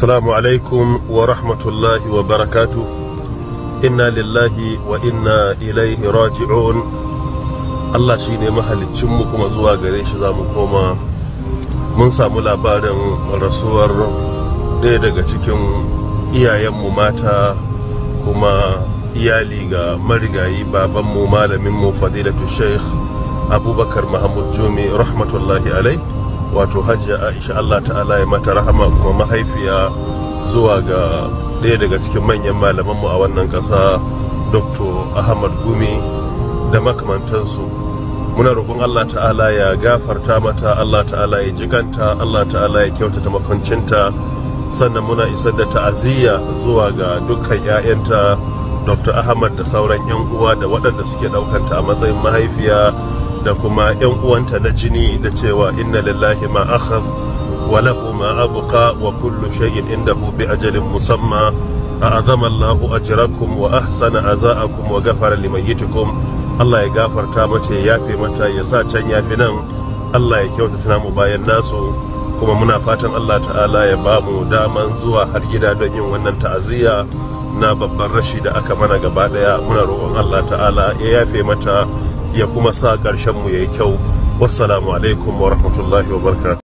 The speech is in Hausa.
assalamu alaikum wa rahmatullahi wa barakatu inna lillahi wa inna ilaihi raji'un Allah shine ne mu kuma zuwa gare shi za mu koma mun samu labarin rasuwar ɗaya daga cikin iyayen mu mata kuma iyali ga marigayi babanmu malaminmu fadilatu sheikh abubakar muhammad jumi rahmatullahi alai. wato hajiya aisha allah ta'ala ya mata rahama kuma mahaifiya zuwa ga ɗaya daga cikin manyan malamanmu a wannan ƙasa dr ahmad gumi da makamantansu muna roƙon allah ta'ala ya gafarta mata allah ta'ala ya jiganta allah ta'ala ya kyautata makwancinta sannan muna isar da ta'aziyya zuwa ga dukkan 'ya'yanta dr ahmad da sauran 'yan uwa da waɗanda suke ɗaukanta a matsayin mahaifiya da kuma yan uwanta na jini da cewa inna lillahi ma akhadh wa lahu ma abqa wa kullu shay'in indahu bi ajalin musamma a'azama Allahu ajrakum wa ahsana azaakum wa ghafara limayyitikum Allah ya gafarta mata ya yafe mata ya sa can yafi nan Allah ya kyautata mu bayan nasu kuma muna fatan Allah ta'ala ya ba mu daman zuwa har gida don yin wannan ta'aziyya na babban rashi da aka mana gaba daya muna roƙon Allah ta'ala ya yafe mata ya kuma sa ƙarshenmu ya yi kyau wassalamu alaikum wa rahmatullahi wa barka